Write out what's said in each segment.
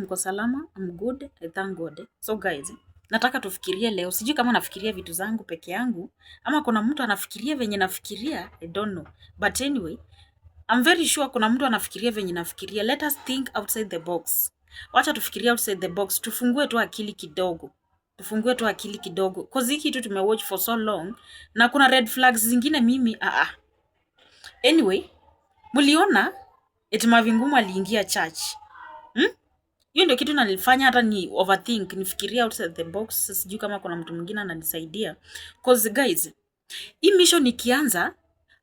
Mko salama? I'm good. I thank God. So guys, nataka tufikirie leo. Sijui kama nafikiria vitu zangu peke yangu ama kuna mtu anafikiria venye nafikiria. I don't know. But anyway, I'm very sure kuna mtu anafikiria venye nafikiria. Let us think outside the box. Wacha tufikirie outside the box. Tufungue tu akili kidogo. Tufungue tu akili kidogo. Cause hiki kitu tumewatch for so long na kuna red flags zingine mimi a ah, a. Ah. Anyway, mliona eti Marvin aliingia church. Hmm? hiyo ndio kitu nalifanya hata ni overthink, nifikirie outside the box. Sijui kama kuna mtu mwingine ananisaidia, cause guys, hii mission ikianza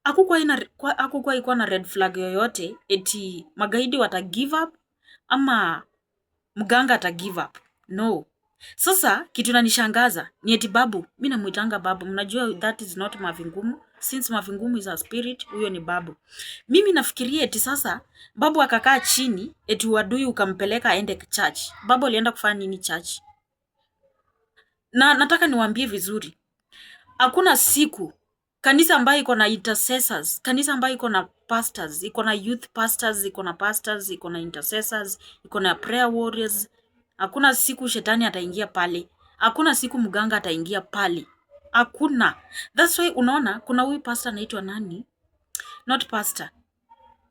hakukuwa ikuwa na red flag yoyote eti magaidi wata give up ama mganga ata give up. No. Sasa kitu nanishangaza ni eti babu, mimi namuitanga babu, mnajua that is not mavingumu since Mavingum is a spirit, huyo ni babu. Mimi nafikiria eti sasa babu akakaa chini eti wadui ukampeleka aende church. Babu alienda kufanya nini church? Na nataka niwaambie vizuri, hakuna siku kanisa ambayo iko na intercessors, kanisa ambayo iko na pastors, iko na youth pastors, iko na pastors, iko na intercessors, iko na prayer warriors, hakuna siku shetani ataingia pale. Hakuna siku mganga ataingia pale hakuna. That's why unaona kuna huyu pastor anaitwa nani? Not pastor.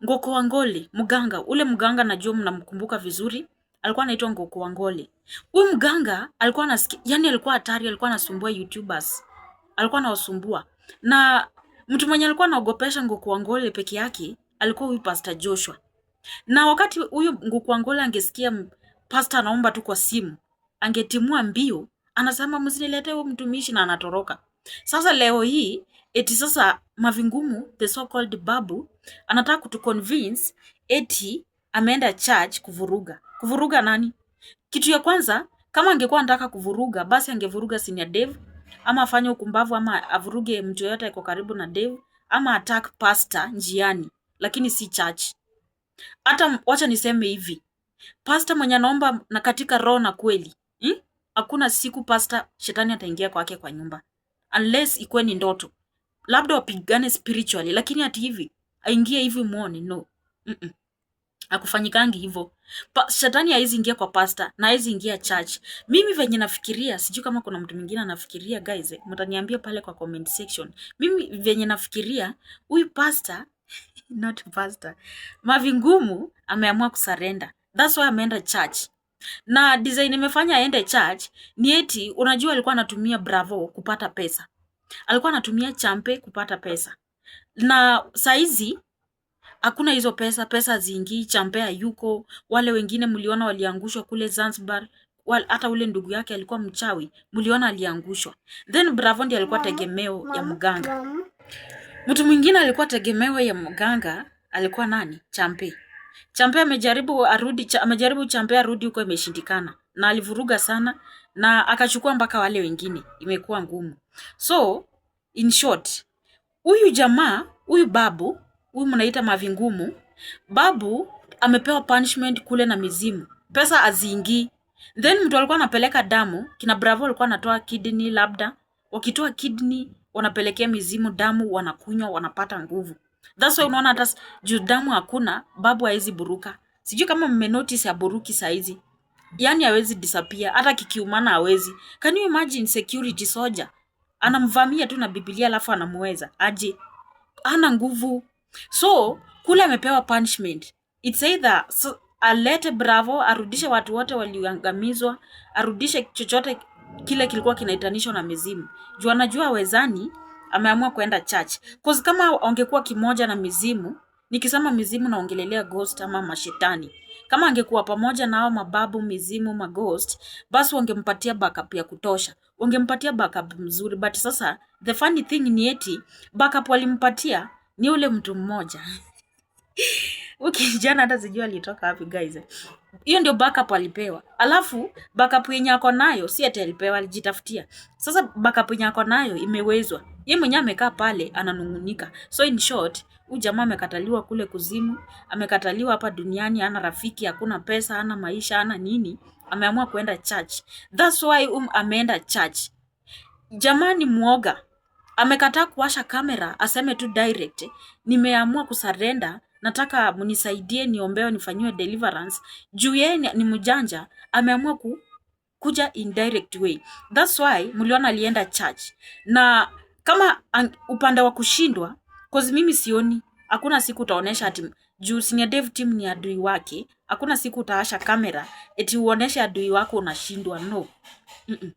Ngoko Wangoli, mganga. Ule mganga najua mnamkumbuka vizuri. Alikuwa anaitwa Ngoko Wangoli. Huyu mganga alikuwa anasikia, yani alikuwa hatari, alikuwa anasumbua YouTubers. Alikuwa anawasumbua. Na mtu mwenye alikuwa anaogopesha Ngoko Wangoli peke yake alikuwa huyu Pastor Joshua. Na wakati huyu Ngoko Wangoli angesikia pastor anaomba tu kwa simu, angetimua mbio anasema msiniletee huyo mtumishi na anatoroka. Sasa leo hii eti sasa Mavingumu the so called babu anataka kutu convince eti ameenda church kuvuruga. Kuvuruga nani? Kitu ya kwanza, kama angekuwa anataka kuvuruga, basi angevuruga senior Dave ama afanye ukumbavu ama avuruge mtu yote yuko karibu na Dave ama attack pastor njiani, lakini si church. Hata wacha niseme hivi, pastor mwenye anaomba na katika roho na kweli Hakuna siku pasta shetani ataingia kwake kwa nyumba unless ikuwe ni ndoto, labda wapigane spiritually, lakini hati hivi aingie hivi muone, no mm -mm. Akufanyikangi hivyo. Shetani haizi ingia kwa pasta na haizi ingia church. Mimi venye nafikiria, sijui kama kuna mtu mwingine anafikiria, guys, eh, mtaniambia pale kwa comment section. Mimi venye nafikiria, huyu pasta not pasta, Mavingumu ameamua kusarenda, that's why ameenda church na design imefanya aende church ni eti, unajua alikuwa anatumia Bravo kupata pesa, alikuwa anatumia Champe kupata pesa, na saizi hakuna hizo pesa, pesa zingi Champe hayuko, wale wengine mliona waliangushwa kule Zanzibar hata ule ndugu yake alikuwa mchawi, mliona aliangushwa. Then Bravo ndiye alikuwa tegemeo ya mganga. Mtu mwingine alikuwa tegemeo ya mganga alikuwa nani? Champe. Champe amejaribu arudi, cha, amejaribu Champe arudi huko, imeshindikana na alivuruga sana na akachukua mpaka wale wengine, imekuwa ngumu. So in short, huyu jamaa huyu babu huyu mnaita mavingumu babu amepewa punishment kule na mizimu, pesa aziingii. Then mtu alikuwa anapeleka damu, kina Bravo alikuwa anatoa kidney, labda wakitoa kidney wanapelekea mizimu damu, wanakunywa wanapata nguvu. That's why unaona hata juu damu hakuna, babu hawezi buruka. Sijui kama mme mmenotice haburuki saa hizi. Yaani hawezi disappear, hata kikiumana hawezi. Can you imagine security soldier? Anamvamia tu na Biblia alafu anamweza. Aje. Ana nguvu. So, kule amepewa punishment. It's either so, alete Bravo, arudishe watu wote waliangamizwa, arudishe chochote kile kilikuwa kinaitanishwa na mizimu. Juu anajua wezani ameamua kuenda church. Cause kama angekuwa kimoja na mizimu, nikisema mizimu naongelelea ghost ama mashetani. Kama angekuwa pamoja na hao mababu, mizimu, ghost, basi wangempatia backup ya kutosha, wangempatia backup mzuri. But sasa the funny thing ni eti backup walimpatia ni ule mtu mmoja huyu kijana hata sijui alitoka wapi guys. Hiyo ndio backup alipewa. Alafu backup yenye ako nayo si ati alipewa, alijitafutia. Sasa backup yenye ako nayo imewezwa. Yeye mwenyewe amekaa pale ananungunika. So in short, huyu jamaa amekataliwa kule kuzimu, amekataliwa hapa duniani, hana rafiki, hakuna pesa, hana maisha, hana nini. Ameamua kwenda church. That's why um ameenda church. Jamani muoga. Amekataa kuwasha kamera aseme tu direct, nimeamua kusurrender nataka mnisaidie niombewe nifanyiwe deliverance juu yeye ni mjanja ameamua ku, kuja indirect way. That's why mliona alienda church na kama ang, upande wa kushindwa cause mimi sioni hakuna siku utaonesha ati juu senior dev team ni adui wake. Hakuna siku utaasha kamera eti uoneshe adui wako unashindwa, no mm -mm.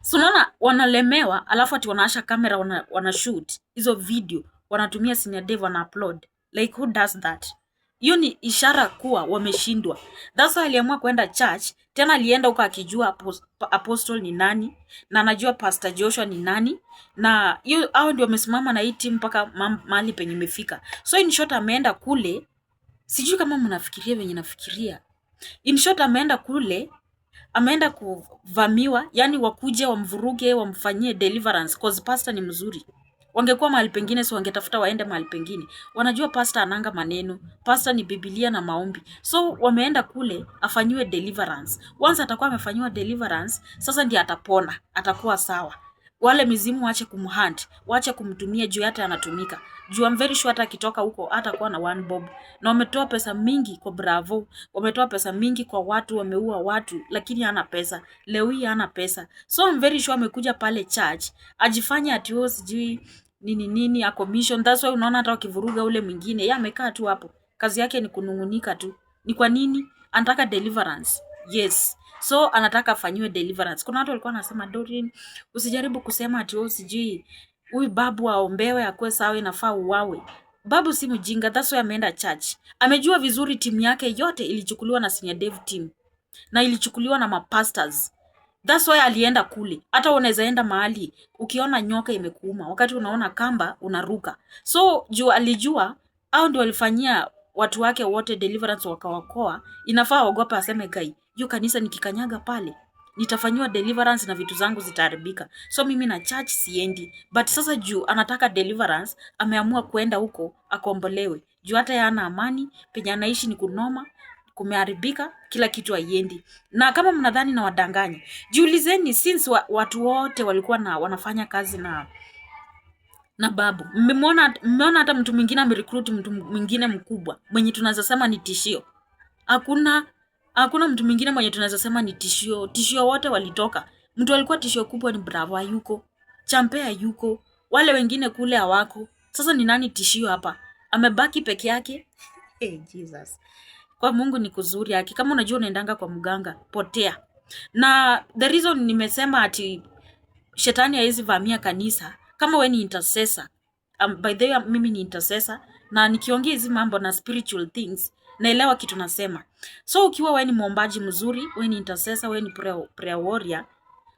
So unaona wanalemewa, alafu ati wanaasha kamera wana, wana shoot hizo video wanatumia senior dev wana upload Like who does that? Hiyo ni ishara kuwa wameshindwa. That's why aliamua kwenda church, tena alienda huko akijua apos, apostle ni nani na anajua pastor Joshua ni nani, na hiyo hao ndio wamesimama na hii timu mpaka mahali penye imefika. So in short ameenda kule, sijui kama mnafikiria venye nafikiria. In short ameenda kule ameenda kuvamiwa, yani wakuje wamvuruge, wamfanyie deliverance cause pastor ni mzuri. Wangekuwa mahali pengine, so wangetafuta waende mahali pengine. Wanajua pasta ananga maneno, pasta ni Biblia na maombi, so wameenda kule afanyiwe deliverance. Once atakuwa amefanyiwa deliverance, sasa ndiye atapona, atakuwa sawa. Wale mizimu wache kumhunt, wache kumtumia juu hata anatumika. Juu I'm very sure hata akitoka huko hata hatakuwa na one bob. Na wametoa pesa mingi kwa Bravo, wametoa pesa mingi kwa watu, wameua watu, lakini hana pesa. Leo hii hana pesa. So I'm very sure amekuja pale church, ajifanye ati wewe oh, sijui nini nini a commission. That's why unaona hata wakivuruga ule mwingine, yeye amekaa tu hapo. Kazi yake ni kunungunika tu. Ni kwa nini? Anataka deliverance. Yes so anataka afanyiwe deliverance. Kuna watu walikuwa wanasema Doreen, usijaribu kusema ati wewe usijui huyu babu aombewe akuwe sawa, inafaa uwawe. Babu si mjinga, that's why ameenda church. Amejua vizuri timu yake yote ilichukuliwa na senior dev team na ilichukuliwa na mapastors. That's why alienda kule. Hata unaweza enda mahali ukiona nyoka imekuuma, wakati unaona kamba unaruka. So juu alijua au ndio alifanyia watu wake wote deliverance wakawakoa, inafaa ogopa aseme gai hiyo kanisa nikikanyaga pale nitafanyiwa deliverance na vitu zangu zitaharibika. So mimi na church siendi, but sasa juu anataka deliverance, ameamua kwenda huko akombolewe, juu hata yeye ana amani, penye anaishi ni kunoma, kumeharibika, kila kitu haiendi. Na kama mnadhani na wadanganya, jiulizeni, since wa, watu wote walikuwa na wanafanya kazi na na babu, mmeona mmeona hata mtu mwingine amerecruit mtu mwingine mkubwa mwenye tunaweza sema ni tishio, hakuna hakuna mtu mwingine mwenye tunaweza sema ni tishio. Tishio wote walitoka. Mtu alikuwa tishio kubwa ni Bravo yuko. Champea yuko. wale wengine kule hawako. Sasa ni nani tishio hapa? Amebaki peke yake. Hey, eh, Jesus. Kwa Mungu ni kuzuri yake. Kama unajua unaendanga kwa mganga, potea. Na the reason nimesema ati shetani hawezi vamia kanisa kama we ni intercessor. Um, by the way, mimi ni intercessor na nikiongea hizi mambo na spiritual things naelewa kitu nasema. So ukiwa wewe ni mwombaji mzuri, wewe ni intercessor, wewe ni prayer, prayer warrior,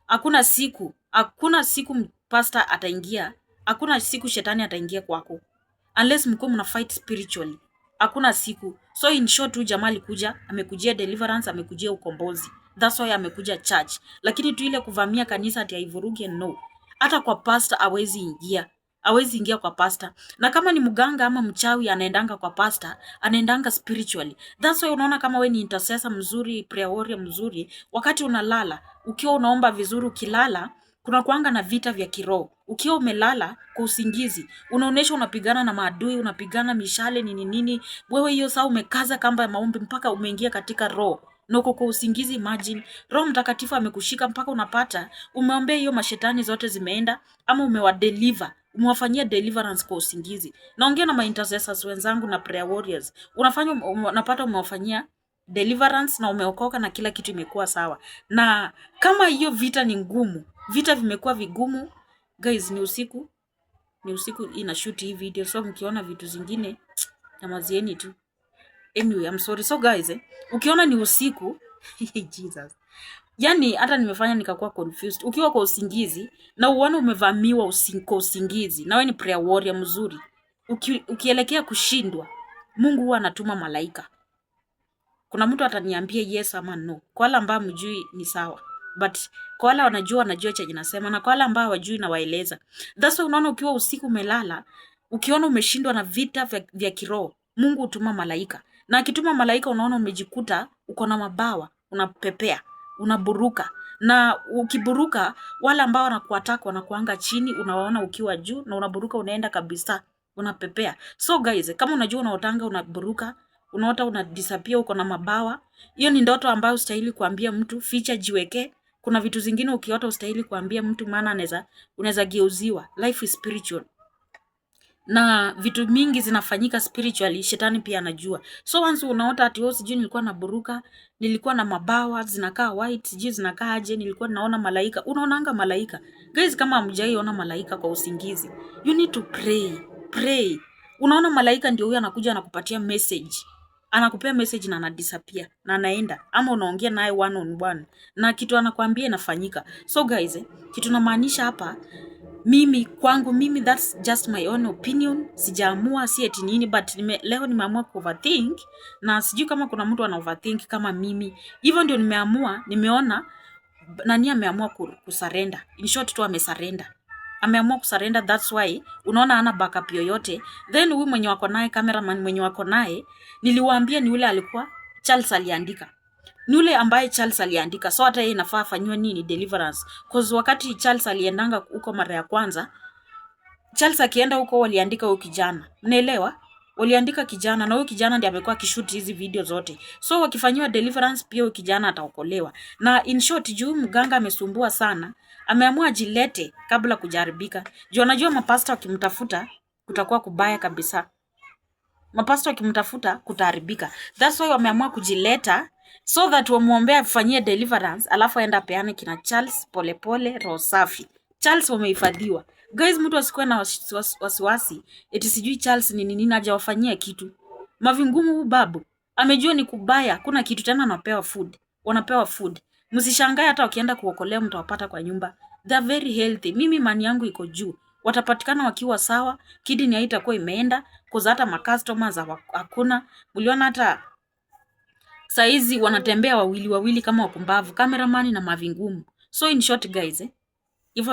hakuna siku, hakuna siku pastor ataingia, hakuna siku shetani ataingia kwako unless mko mna fight spiritually. Hakuna siku. So in short, tu jamaa alikuja, amekujia deliverance, amekujia ukombozi. That's why amekuja church. Lakini tu ile kuvamia kanisa ati aivuruge, no. Hata kwa pastor hawezi ingia hawezi ingia kwa pasta. Na kama ni mganga ama mchawi anaendanga kwa pasta, anaendanga spiritually. That's why unaona kama we ni intercessor mzuri, prayer warrior mzuri, wakati unalala, ukiwa unaomba vizuri, ukilala kuna kuanga na vita vya kiroho. Ukiwa umelala kwa usingizi, unaonesha unapigana na maadui, unapigana mishale nini nini, wewe hiyo saa umekaza kamba ya maombi mpaka umeingia katika roho na uko kwa usingizi. Imagine Roho Mtakatifu amekushika mpaka unapata umeombea hiyo, mashetani zote zimeenda ama umewadeliver umewafanyia deliverance kwa usingizi. Naongea na intercessors wenzangu na prayer warriors, unafanya unapata umewafanyia deliverance na umeokoka na kila kitu imekuwa sawa. Na kama hiyo vita ni ngumu, vita vimekuwa vigumu guys, ni usiku, ni usiku ina shoot hii video, so mkiona vitu zingine nyamazieni tu. Anyway, I'm sorry. So guys, eh, ukiona ni usiku Jesus. Yani hata nimefanya nikakuwa confused. Ukiwa kwa usingizi na uone umevamiwa usin, kwa usingizi na wewe ni prayer warrior mzuri. Uki, ukielekea kushindwa, Mungu huwa anatuma malaika. Kuna mtu ataniambia yes ama no. Kwa wale ambao mjui ni sawa. But kwa wale wanajua wanajua chenye nasema na kwa wale ambao hawajui nawaeleza. That's why unaona ukiwa usiku umelala, ukiona umeshindwa na vita vya, vya kiroho, Mungu hutuma malaika. Na akituma malaika unaona umejikuta uko na mabawa unapepea, unaburuka na ukiburuka, wale ambao wanakuataka wanakuanga chini, unawaona ukiwa juu na unaburuka, unaenda kabisa, unapepea. So guys, kama unajua unaotanga unaburuka, unaota una disappear, uko na mabawa, hiyo ni ndoto ambayo ustahili kuambia mtu. Ficha, jiweke. Kuna vitu zingine ukiota ustahili kuambia mtu, maana unaweza unaweza geuziwa. Life is spiritual na vitu mingi zinafanyika spiritually, shetani pia anajua. So once unaota ati wewe, oh, sijui nilikuwa naburuka, nilikuwa na mabawa zinakaa white, sijui zinakaa aje, nilikuwa naona malaika. Unaonanga malaika guys, kama ona malaika kwa usingizi, you need to pray pray. Unaona malaika ndio huyo anakuja anakupatia message, anakupea message na anadisappear na anaenda, ama unaongea naye one on one na kitu anakuambia inafanyika. So guys, eh, kitu namaanisha hapa mimi kwangu mimi that's just my own opinion. Sijaamua si eti nini, but nime, leo nimeamua ku overthink na sijui kama kuna mtu ana overthink kama mimi. Hivyo ndio nimeamua, nimeona nani ameamua kusurrender. In short tu amesurrender, ameamua kusurrender, that's why unaona ana backup yoyote. Then huyu mwenye wako naye cameraman, mwenye wako naye niliwaambia ni yule alikuwa Charles aliandika ni ule ambaye Charles aliandika, so hata yeye inafaa afanywe nini deliverance, cause wakati Charles aliendanga huko mara ya kwanza, Charles akienda huko waliandika huyo kijana, unaelewa? Waliandika kijana na huyo kijana ndiye amekuwa akishoot hizi video zote, so wakifanyiwa deliverance pia huyo kijana ataokolewa. Na in short, juu mganga amesumbua sana, ameamua jilete kabla kujaribika, juu anajua mapasta wakimtafuta kutakuwa kubaya kabisa, mapasta wakimtafuta kutaharibika. That's why wameamua kujileta so that wamwombea afanyie deliverance, alafu aenda peane kina Charles Polepole, roho safi. Charles wamehifadhiwa guys, mtu asikuwe na wasiwasi eti sijui Charles ni nini, nini hajawafanyia kitu. Mavingumu huu babu amejua ni kubaya, kuna kitu tena anapewa food, wanapewa food. Msishangae hata wakienda kuokolea mtawapata kwa nyumba, they are very healthy. Mimi mani yangu iko juu watapatikana wakiwa sawa, kidney haitakuwa imeenda, koza hata makastoma hakuna. Uliona hata Saizi wanatembea wawili wawili kama wapumbavu, cameraman na mavingumu. So in short guys, eh,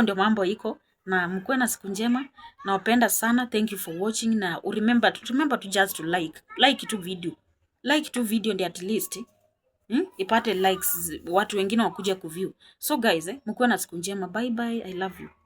ndio mambo iko na mkuwe na siku njema, nawapenda sana. Thank you for watching na remember to, remember to just to like like tu video like tu video ndio at least eh, hmm, ipate likes, watu wengine wakuja kuview. So guys, eh, mkuwe na siku njema, bye bye, I love you.